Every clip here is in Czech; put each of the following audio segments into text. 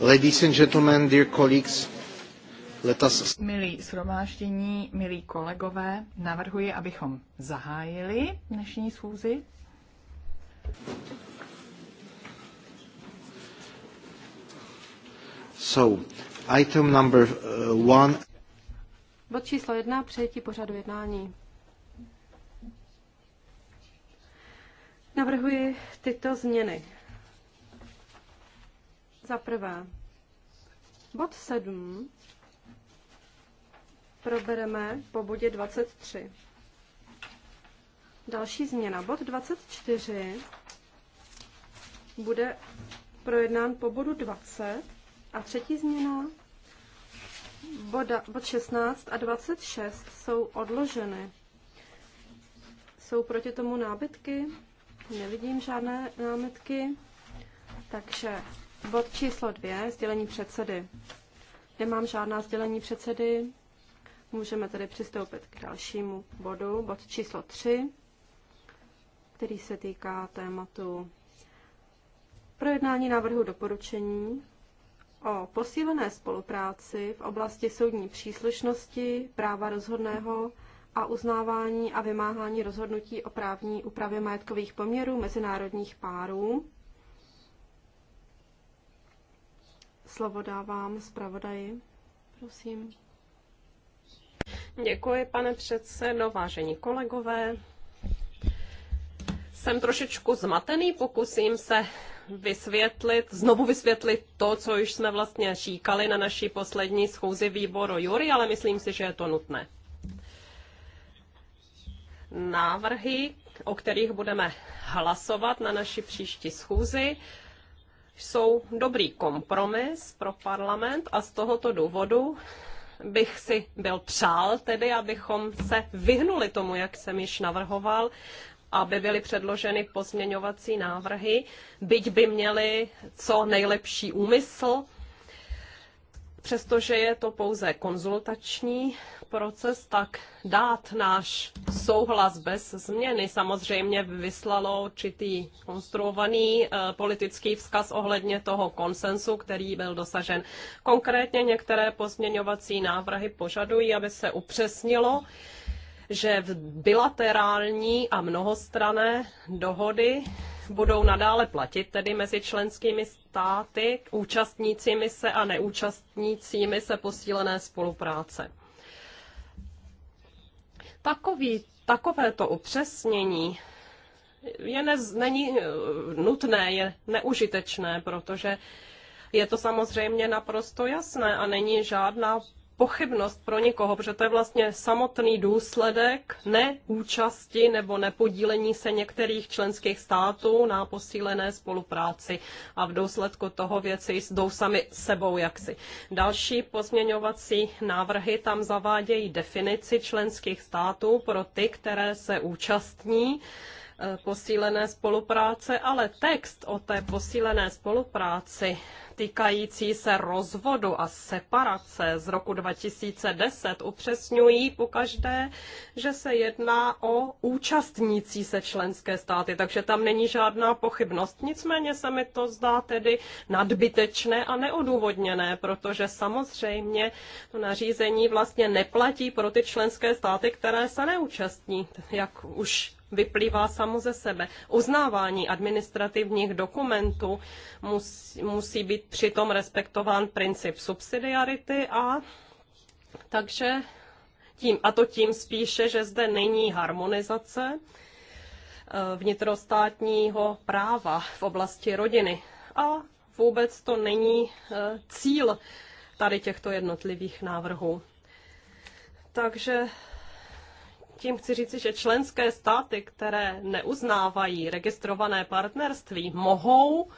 Ladies and gentlemen, dear colleagues, let us... Milí shromáždění, milí kolegové, navrhuji, abychom zahájili dnešní schůzi. So, item number uh, one. Bod číslo jedna, přijetí pořadu jednání. Navrhuji tyto změny. Za prvé, bod 7 probereme po bodě 23. Další změna. Bod 24 bude projednán po bodu 20. A třetí změna. Boda, bod 16 a 26 jsou odloženy. Jsou proti tomu nábytky? Nevidím žádné námitky. Takže Bod číslo dvě, sdělení předsedy. Nemám žádná sdělení předsedy, můžeme tedy přistoupit k dalšímu bodu, bod číslo tři, který se týká tématu projednání návrhu doporučení o posílené spolupráci v oblasti soudní příslušnosti, práva rozhodného a uznávání a vymáhání rozhodnutí o právní úpravě majetkových poměrů mezinárodních párů Slovo dávám zpravodaji. Prosím. Děkuji, pane předsedo, vážení kolegové. Jsem trošičku zmatený, pokusím se vysvětlit, znovu vysvětlit to, co už jsme vlastně říkali na naší poslední schůzi výboru Jury, ale myslím si, že je to nutné. Návrhy, o kterých budeme hlasovat na naší příští schůzi, jsou dobrý kompromis pro parlament a z tohoto důvodu bych si byl přál tedy, abychom se vyhnuli tomu, jak jsem již navrhoval, aby byly předloženy pozměňovací návrhy, byť by měly co nejlepší úmysl, přestože je to pouze konzultační proces, tak dát náš souhlas bez změny samozřejmě vyslalo určitý konstruovaný eh, politický vzkaz ohledně toho konsensu, který byl dosažen. Konkrétně některé pozměňovací návrhy požadují, aby se upřesnilo, že v bilaterální a mnohostrané dohody budou nadále platit, tedy mezi členskými státy, účastnícími se a neúčastnícími se posílené spolupráce. Takový, takovéto upřesnění je ne, není eh, nutné, je neužitečné, protože je to samozřejmě naprosto jasné a není žádná pochybnost pro někoho, protože to je vlastně samotný důsledek neúčasti nebo nepodílení se některých členských států na posílené spolupráci a v důsledku toho věci jdou sami sebou jaksi. Další pozměňovací návrhy tam zavádějí definici členských států pro ty, které se účastní posílené spolupráce, ale text o té posílené spolupráci týkající se rozvodu a separace z roku 2010 upřesňují pokaždé, že se jedná o účastnící se členské státy, takže tam není žádná pochybnost. Nicméně se mi to zdá tedy nadbytečné a neodůvodněné, protože samozřejmě to nařízení vlastně neplatí pro ty členské státy, které se neúčastní, jak už vyplývá samo ze sebe. Uznávání administrativních dokumentů musí, musí být přitom respektován princip subsidiarity a takže tím, a to tím spíše, že zde není harmonizace eh, vnitrostátního práva v oblasti rodiny. A vůbec to není eh, cíl tady těchto jednotlivých návrhů. Takže tím chci říci, že členské státy, které neuznávají registrované partnerství, mohou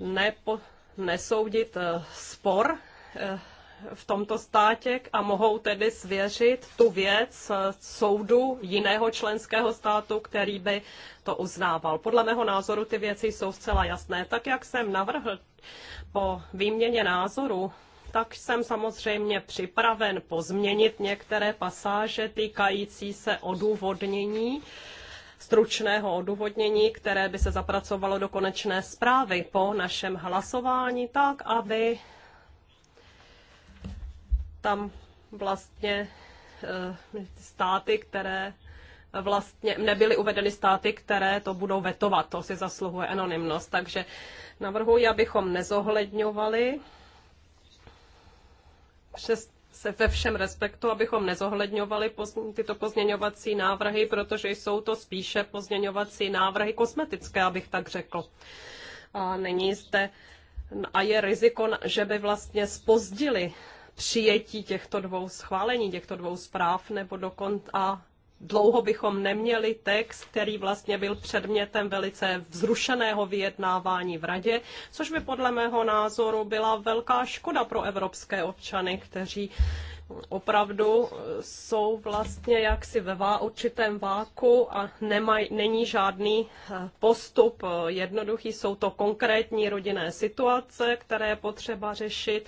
nepo, nesoudit eh, spor eh, v tomto státě a mohou tedy svěřit tu věc eh, soudu jiného členského státu, který by to uznával. Podle mého názoru ty věci jsou zcela jasné. Tak, jak jsem navrhl po výměně názoru tak jsem samozřejmě připraven pozměnit některé pasáže týkající se odůvodnění stručného odůvodnění, které by se zapracovalo do konečné zprávy po našem hlasování, tak aby tam vlastně eh, státy, které vlastně nebyly uvedeny státy, které to budou vetovat. To si zasluhuje anonymnost. Takže navrhuji, abychom nezohledňovali přes se ve všem respektu, abychom nezohledňovali pozn- tyto pozměňovací návrhy, protože jsou to spíše pozměňovací návrhy kosmetické, abych tak řekl. A není zde a je riziko, že by vlastně spozdili přijetí těchto dvou schválení, těchto dvou zpráv, nebo dokonce. a dlouho bychom neměli text, který vlastně byl předmětem velice vzrušeného vyjednávání v radě, což by podle mého názoru byla velká škoda pro evropské občany, kteří opravdu eh, jsou vlastně jaksi ve vá, určitém váku a nemaj, není žádný eh, postup eh, jednoduchý. Jsou to konkrétní rodinné situace, které je potřeba řešit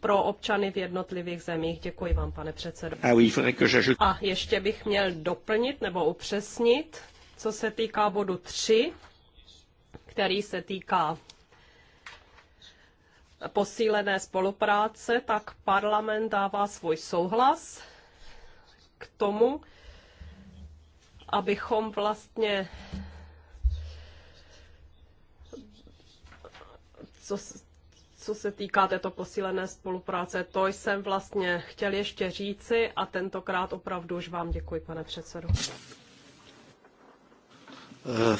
pro občany v jednotlivých zemích. Děkuji vám, pane předsedo. Ah a ještě bych měl doplnit nebo upřesnit, co se týká bodu 3, který se týká posílené spolupráce, tak parlament dává svůj souhlas k tomu, abychom vlastně co, co se týká této posílené spolupráce, to jsem vlastně chtěl ještě říci a tentokrát opravdu už vám děkuji, pane předsedo. Uh,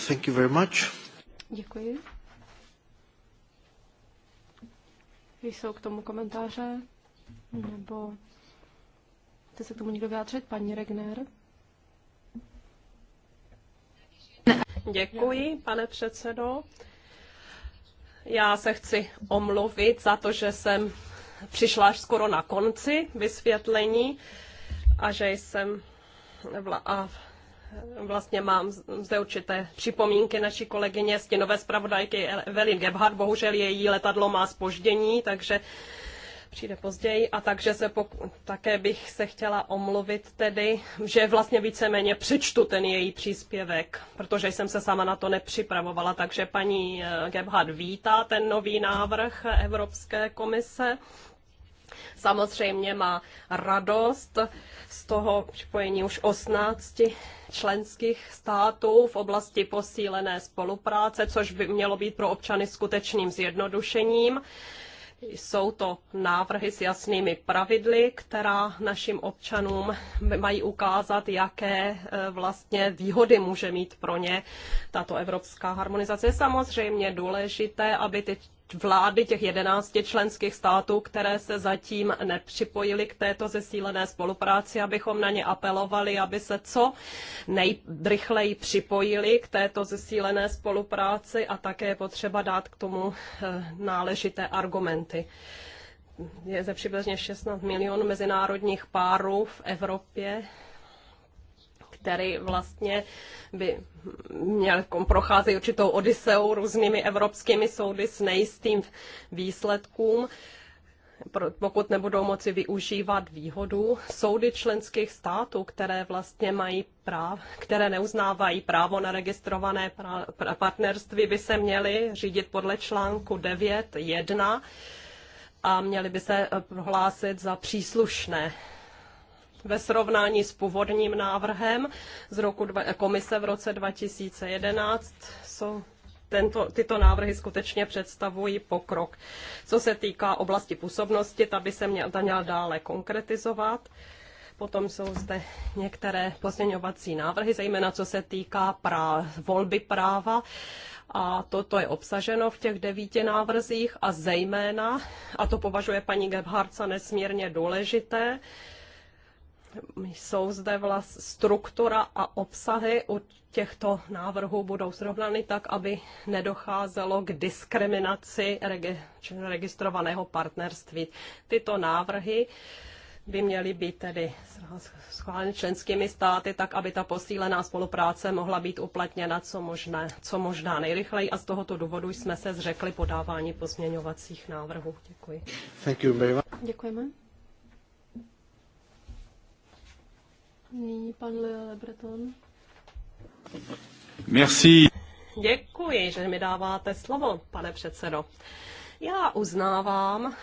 thank you very much. Děkuji. Jsou k tomu komentáře? Nebo chce se k tomu někdo vyjádřit? Paní Regner? Děkuji, pane předsedo. Já se chci omluvit za to, že jsem přišla až skoro na konci vysvětlení a že jsem a vlastně mám zde určité připomínky naší kolegyně stěnové zpravodajky Evelyn Gebhardt. Bohužel její letadlo má spoždění, takže přijde později. A takže se poku- také bych se chtěla omluvit tedy, že vlastně víceméně přečtu ten její příspěvek, protože jsem se sama na to nepřipravovala. Takže paní eh, Gebhardt vítá ten nový návrh Evropské komise Samozřejmě má radost z toho spojení už 18 členských států v oblasti posílené spolupráce, což by mělo být pro občany skutečným zjednodušením. Jsou to návrhy s jasnými pravidly, která našim občanům mají ukázat, jaké e, vlastně výhody může mít pro ně tato evropská harmonizace. Je samozřejmě důležité, aby ty vlády těch jedenácti členských států, které se zatím nepřipojily k této zesílené spolupráci, abychom na ně apelovali, aby se co nejrychleji připojili k této zesílené spolupráci a také potřeba dát k tomu eh, náležité argumenty je ze přibližně 16 milionů mezinárodních párů v Evropě, který vlastně by měl procházet určitou odiseou různými evropskými soudy s nejistým výsledkům pokud nebudou moci využívat výhodu soudy členských států, které vlastně mají práv, které neuznávají právo na registrované pra, partnerství, by se měly řídit podle článku 9.1 a měly by se eh, prohlásit za příslušné ve srovnání s původním návrhem z roku dva, komise v roce 2011 jsou tento, tyto návrhy skutečně představují pokrok. Co se týká oblasti působnosti, ta by se mě, ta měla dále konkretizovat. Potom jsou zde některé pozměňovací návrhy, zejména co se týká práv, volby práva. A toto je obsaženo v těch devíti návrzích a zejména, a to považuje paní Gebhardt za nesmírně důležité, jsou zde vlast struktura a obsahy u těchto návrhů budou srovnány tak, aby nedocházelo k diskriminaci registrovaného partnerství. Tyto návrhy by měly být tedy schváleny členskými státy, tak aby ta posílená spolupráce mohla být uplatněna co, možné, co možná nejrychleji a z tohoto důvodu jsme se zřekli podávání pozměňovacích návrhů. Děkuji. Děkujeme. Nyní pan Leo Lebreton. Merci. Děkuji, že mi dáváte slovo, pane předsedo. Já uznávám,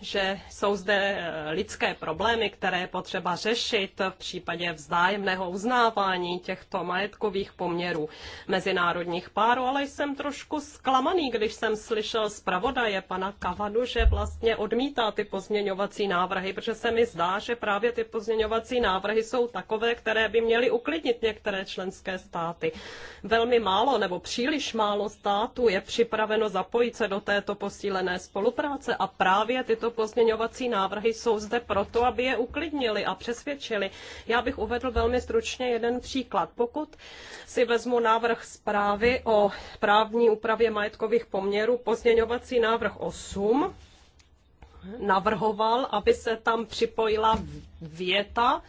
že jsou zde eh, lidské problémy, které je potřeba řešit v případě vzájemného uznávání těchto majetkových poměrů mezinárodních párů, ale jsem trošku zklamaný, když jsem slyšel zpravodaje pana Kavadu, že vlastně odmítá ty pozměňovací návrhy, protože se mi zdá, že právě ty pozměňovací návrhy jsou takové, které by měly uklidnit některé členské státy. Velmi málo nebo příliš málo států je připraveno zapojit se do této posílené spolupráce a právě tyto tyto pozměňovací návrhy jsou zde proto, aby je uklidnili a přesvědčili. Já bych uvedl velmi stručně jeden příklad. Pokud si vezmu návrh zprávy o právní úpravě majetkových poměrů, pozměňovací návrh 8, navrhoval, aby se tam připojila věta,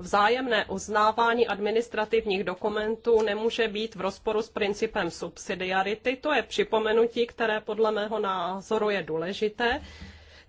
Vzájemné uznávání administrativních dokumentů nemůže být v rozporu s principem subsidiarity. To je připomenutí, které podle mého názoru je důležité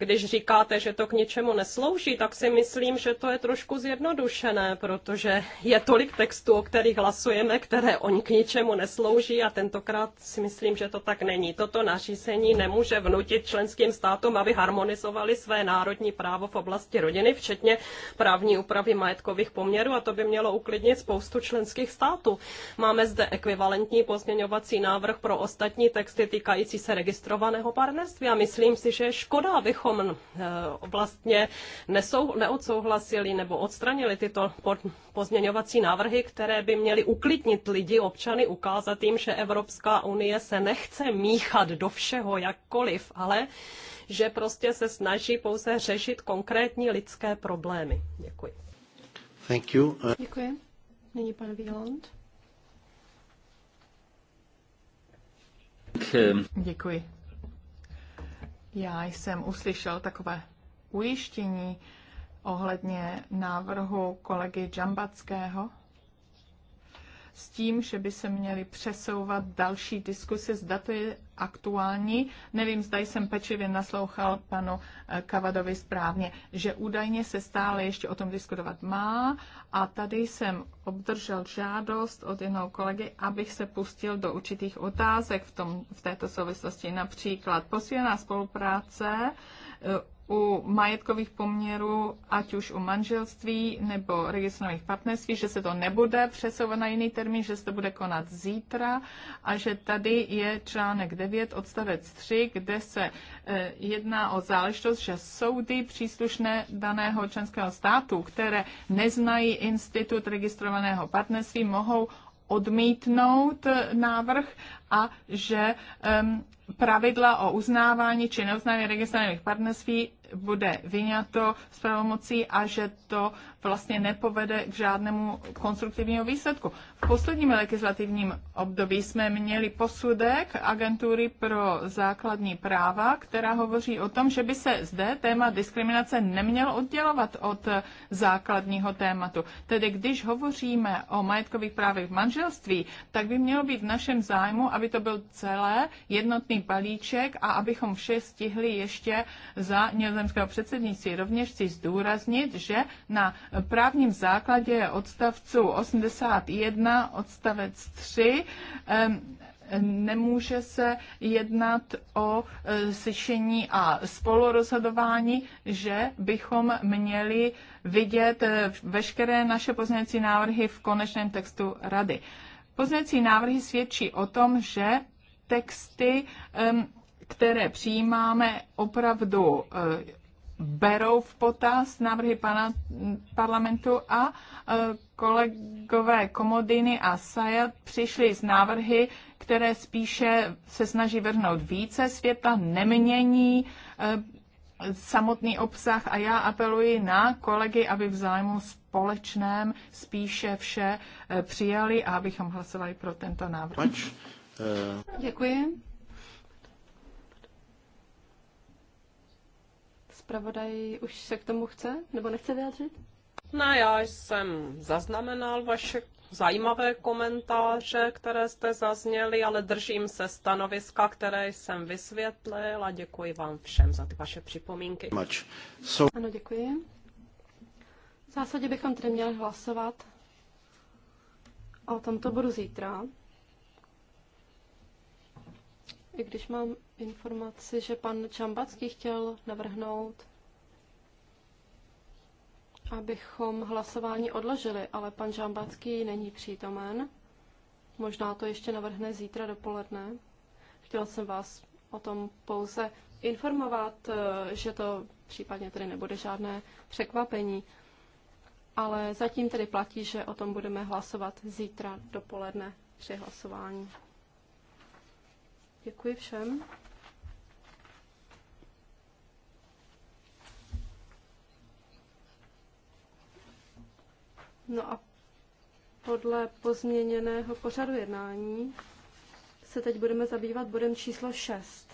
když říkáte, že to k ničemu neslouží, tak si myslím, že to je trošku zjednodušené, protože je tolik textů, o kterých hlasujeme, které oni k ničemu neslouží a tentokrát si myslím, že to tak není. Toto nařízení nemůže vnutit členským státům, aby harmonizovali své národní právo v oblasti rodiny, včetně právní úpravy majetkových poměrů a to by mělo uklidnit spoustu členských států. Máme zde ekvivalentní pozměňovací návrh pro ostatní texty týkající se registrovaného partnerství a myslím si, že je škoda, abychom abychom vlastně nesou, neodsouhlasili nebo odstranili tyto pozměňovací návrhy, které by měly uklidnit lidi, občany, ukázat jim, že Evropská unie se nechce míchat do všeho jakkoliv, ale že prostě se snaží pouze řešit konkrétní lidské problémy. Děkuji. Thank you. Uh, Děkuji. Nyní pan Wieland. Děkuji. Já jsem uslyšel takové ujištění ohledně návrhu kolegy Džambackého s tím, že by se měly přesouvat další diskuse, zda to je aktuální. Nevím, zda jsem pečlivě naslouchal panu eh, Kavadovi správně, že údajně se stále ještě o tom diskutovat má a tady jsem obdržel žádost od jednoho kolegy, abych se pustil do určitých otázek v, tom, v této souvislosti, například posílená spolupráce eh, u majetkových poměrů, ať už u manželství nebo registrovaných partnerství, že se to nebude přesouvat na jiný termín, že se to bude konat zítra a že tady je článek 9 odstavec 3, kde se e, jedná o záležitost, že soudy příslušné daného členského státu, které neznají institut registrovaného partnerství, mohou odmítnout návrh a že um, pravidla o uznávání či neuznání registrovaných partnerství bude vyňato z pravomocí a že to vlastně nepovede k žádnému konstruktivnímu výsledku. V posledním legislativním období jsme měli posudek agentury pro základní práva, která hovoří o tom, že by se zde téma diskriminace nemělo oddělovat od základního tématu. Tedy když hovoříme o majetkových právech v manželství, tak by mělo být v našem zájmu, aby to byl celé jednotný balíček a abychom vše stihli ještě za nězemského předsednictví. Rovněž chci zdůraznit, že na právním základě odstavců 81 odstavec 3 nemůže se jednat o e, slyšení a spolurozhodování, že bychom měli vidět e, veškeré naše pozměňovací návrhy v konečném textu rady. Pozměňovací návrhy svědčí o tom, že texty, které přijímáme, opravdu e, berou v potaz návrhy pana, parlamentu a e, kolegové Komodiny a Sajat přišli s návrhy, které spíše se snaží vrhnout více světa, nemění e, samotný obsah a já apeluji na kolegy, aby v zájmu společném spíše vše e, přijali a abychom hlasovali pro tento návrh. Děkuji. zpravodaj už se k tomu chce nebo nechce vyjádřit? Ne, já jsem zaznamenal vaše zajímavé komentáře, které jste zazněli, ale držím se stanoviska, které jsem vysvětlil a děkuji vám všem za ty vaše připomínky. So... Ano, děkuji. V zásadě bychom tedy měli hlasovat o tomto bodu zítra i když mám informaci, že pan Čambacký chtěl navrhnout, abychom hlasování odložili, ale pan Čambacký není přítomen. Možná to ještě navrhne zítra dopoledne. Chtěla jsem vás o tom pouze informovat, eh, že to případně tedy nebude žádné překvapení. Ale zatím tedy platí, že o tom budeme hlasovat zítra dopoledne při hlasování. Děkuji všem. No a podle pozměněného pořadu jednání se teď budeme zabývat bodem číslo 6.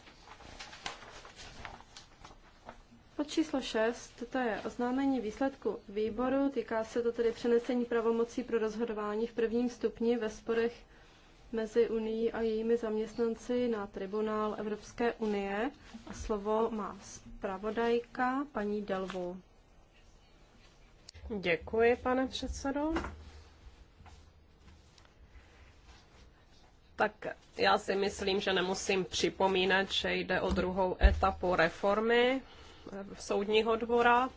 Pod číslo 6 to je oznámení výsledku výboru, týká se to tedy přenesení pravomocí pro rozhodování v prvním stupni ve sporech mezi Unii a jejími zaměstnanci na tribunál Evropské unie a slovo má zpravodajka paní Delvo. Děkuji, pane předsedo. Tak já si myslím, že nemusím připomínat, že jde o druhou etapu reformy eh, soudního dvora.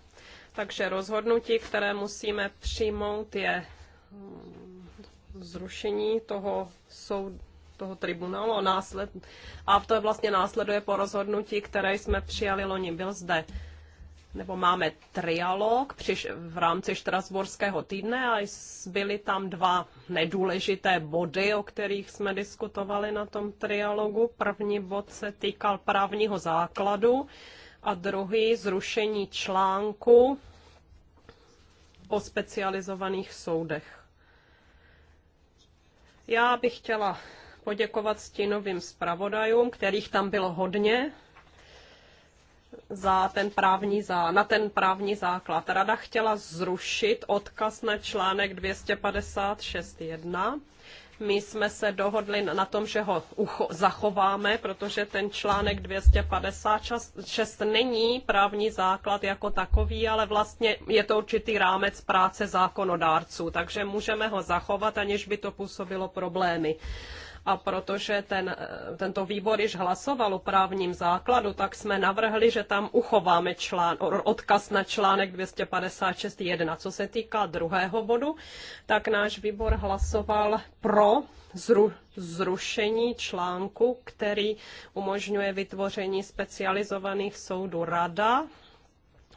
Takže rozhodnutí, které musíme přijmout, je mm, zrušení toho soud, toho tribunálu a, násled, a to je vlastně následuje po rozhodnutí, které jsme přijali loni. Byl zde nebo máme trialog přiš, v rámci Štrasburského týdne a byly tam dva nedůležité body, o kterých jsme diskutovali na tom trialogu. První bod se týkal právního základu a druhý zrušení článku o specializovaných soudech. Já bych chtěla poděkovat stínovým zpravodajům, kterých tam bylo hodně, za ten právní zá, na ten právní základ. Rada chtěla zrušit odkaz na článek 256.1 my jsme se dohodli na tom, že ho ucho- zachováme, protože ten článek 256 není právní základ jako takový, ale vlastně je to určitý rámec práce zákonodárců, takže můžeme ho zachovat, aniž by to působilo problémy. A protože ten, eh, tento výbor již hlasoval o právním základu, tak jsme navrhli, že tam uchováme člán, odkaz na článek 256.1. Co se týká druhého bodu, tak náš výbor hlasoval pro zru, zrušení článku, který umožňuje vytvoření specializovaných soudů rada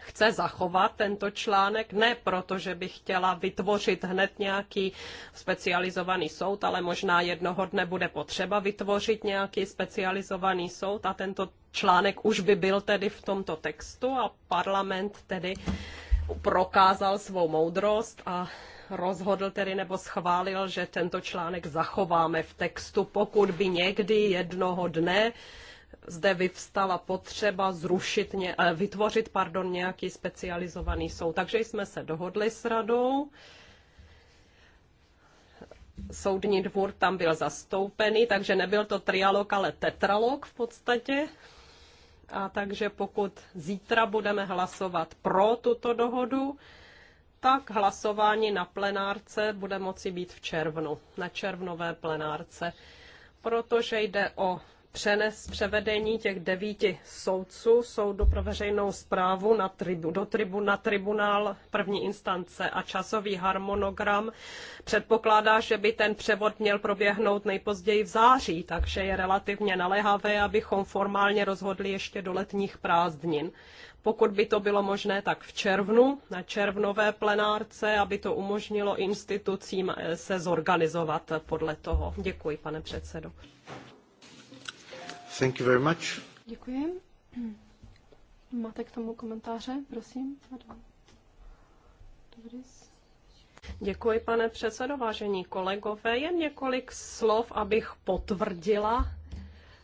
chce zachovat tento článek, ne proto, že by chtěla vytvořit hned nějaký specializovaný soud, ale možná jednoho dne bude potřeba vytvořit nějaký specializovaný soud a tento článek už by byl tedy v tomto textu a parlament tedy prokázal svou moudrost a rozhodl tedy nebo schválil, že tento článek zachováme v textu, pokud by někdy jednoho dne zde vyvstala potřeba zrušit, eh, vytvořit pardon, nějaký specializovaný soud. Takže jsme se dohodli s radou. Soudní dvůr tam byl zastoupený, takže nebyl to trialog, ale tetralog v podstatě. A takže pokud zítra budeme hlasovat pro tuto dohodu, tak hlasování na plenárce bude moci být v červnu, na červnové plenárce, protože jde o přenes, převedení těch devíti soudců soudu pro veřejnou zprávu na tribu, do tribu, na tribunál první instance a časový harmonogram předpokládá, že by ten převod měl proběhnout nejpozději v září, takže je relativně naléhavé, abychom formálně rozhodli ještě do letních prázdnin. Pokud by to bylo možné, tak v červnu, na červnové plenárce, aby to umožnilo institucím eh, se zorganizovat podle toho. Děkuji, pane předsedo. Thank you very much. Děkuji. Máte k tomu komentáře, prosím? Děkuji, pane předsedo, vážení kolegové. Jen několik slov, abych potvrdila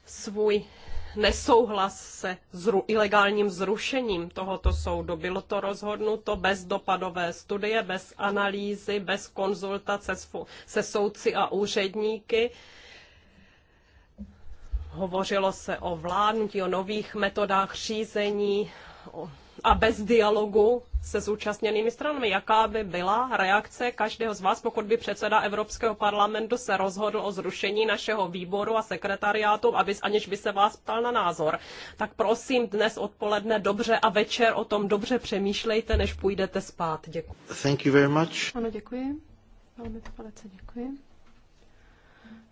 svůj nesouhlas se zru, ilegálním zrušením tohoto soudu. Bylo to rozhodnuto bez dopadové studie, bez analýzy, bez konzultace se soudci a úředníky Hovořilo se o vládnutí, o nových metodách řízení a bez dialogu se zúčastněnými stranami. Jaká by byla reakce každého z vás, pokud by předseda Evropského parlamentu se rozhodl o zrušení našeho výboru a sekretariátu, aby, aniž by se vás ptal na názor? Tak prosím, dnes odpoledne dobře a večer o tom dobře přemýšlejte, než půjdete spát. Děkuji. Thank you very much. Ano, děkuji. Velmi to děkuji.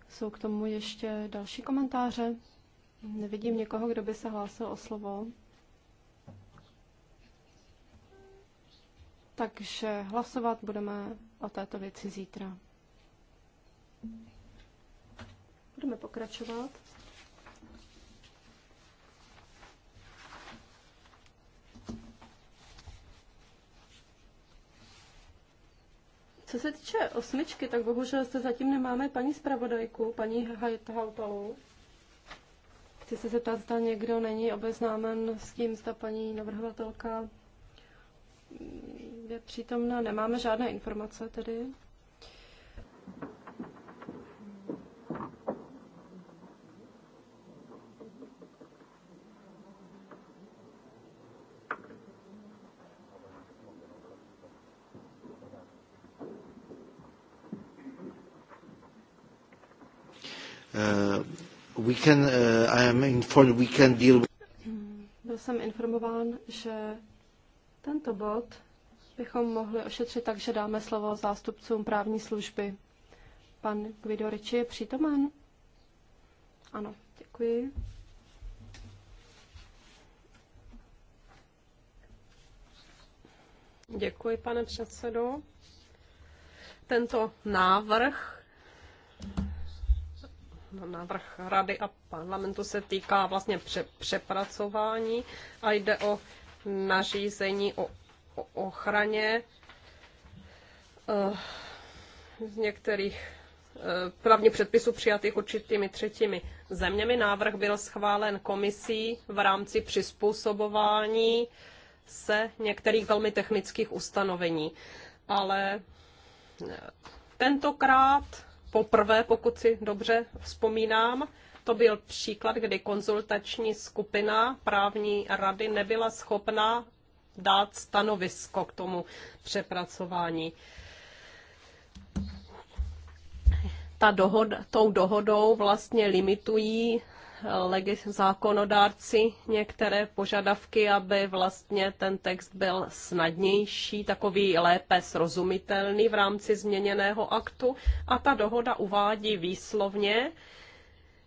Jsou k tomu ještě další komentáře? Nevidím někoho, kdo by se hlásil o slovo. Takže hlasovat budeme o této věci zítra. Budeme pokračovat. Co se týče osmičky, tak bohužel se zatím nemáme paní zpravodajku, paní Hautalu. Chci se zeptat, zda někdo není obeznámen s tím, zda paní navrhovatelka je přítomna. Nemáme žádné informace tedy. can, uh, I am informed we can deal with... Byl jsem informován, že tento bod bychom mohli ošetřit tak, že dáme slovo zástupcům právní služby. Pan Guido Ricci je přítomen? Ano, děkuji. Děkuji, pane předsedo. Tento návrh návrh rady a parlamentu se týká vlastně pře- přepracování a jde o nařízení o, o ochraně eh, z některých eh, právně předpisů přijatých určitými třetími zeměmi. Návrh byl schválen komisí v rámci přizpůsobování se některých velmi technických ustanovení. Ale eh, tentokrát poprvé, pokud si dobře vzpomínám. To byl příklad, kdy konzultační skupina právní rady nebyla schopna dát stanovisko k tomu přepracování. ta dohod, tou dohodou vlastně limitují eh, legis, zákonodárci některé požadavky, aby vlastně ten text byl snadnější, takový lépe srozumitelný v rámci změněného aktu. A ta dohoda uvádí výslovně,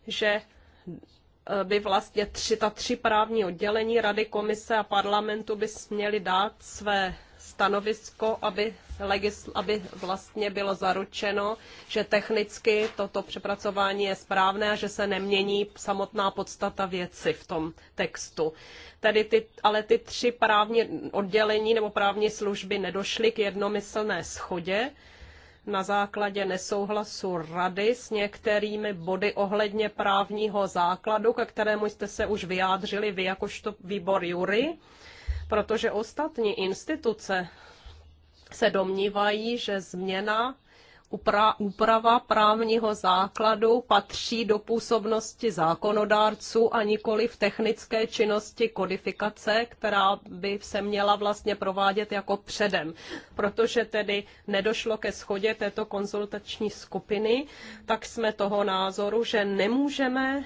že eh, by vlastně tři, ta tři právní oddělení Rady komise a parlamentu by směly dát své stanovisko, aby, legisl- aby vlastně bylo zaručeno, že technicky toto přepracování je správné a že se nemění samotná podstata věci v tom textu. Tedy ty, ale ty tři právní oddělení nebo právní služby nedošly k jednomyslné schodě na základě nesouhlasu rady s některými body ohledně právního základu, ke kterému jste se už vyjádřili vy jakožto výbor Jury protože ostatní instituce se domnívají, že změna úprava právního základu patří do působnosti zákonodárců a nikoli v technické činnosti kodifikace, která by se měla vlastně provádět jako předem. Protože tedy nedošlo ke schodě této konzultační skupiny, tak jsme toho názoru, že nemůžeme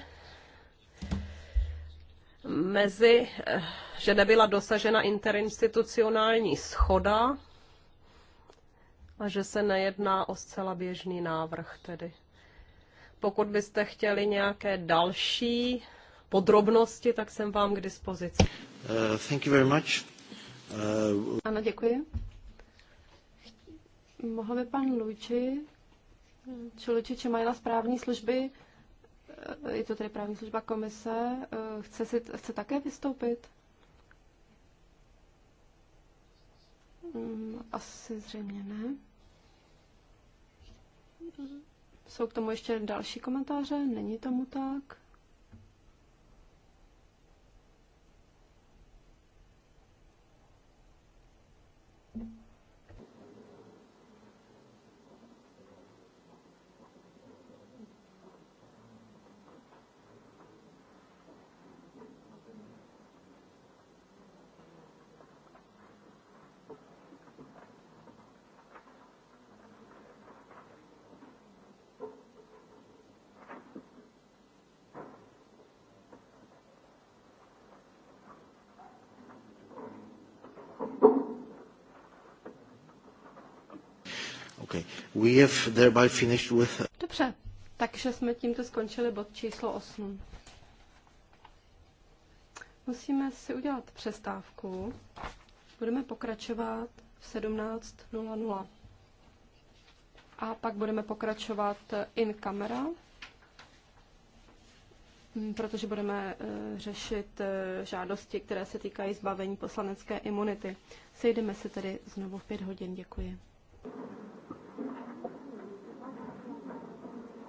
mezi eh, že nebyla dosažena interinstitucionální schoda a že se nejedná o zcela běžný návrh tedy. Pokud byste chtěli nějaké další podrobnosti, tak jsem vám k dispozici. Uh, thank you very much. Uh... Ano, děkuji. Mohl by pan Luči, Luči, či z správní služby, eh, je to tedy právní služba komise, eh, chce, si, chce také vystoupit? Mm, asi zřejmě ne. Jsou k tomu ještě další komentáře? Není tomu tak? Okay. We have thereby finished with... Dobře, takže jsme tímto skončili bod číslo 8. Musíme si udělat přestávku. Budeme pokračovat v 17.00. A pak budeme pokračovat in camera, mm, protože budeme eh, řešit eh, žádosti, které se týkají zbavení poslanecké imunity. Sejdeme se tedy znovu v pět hodin. Děkuji.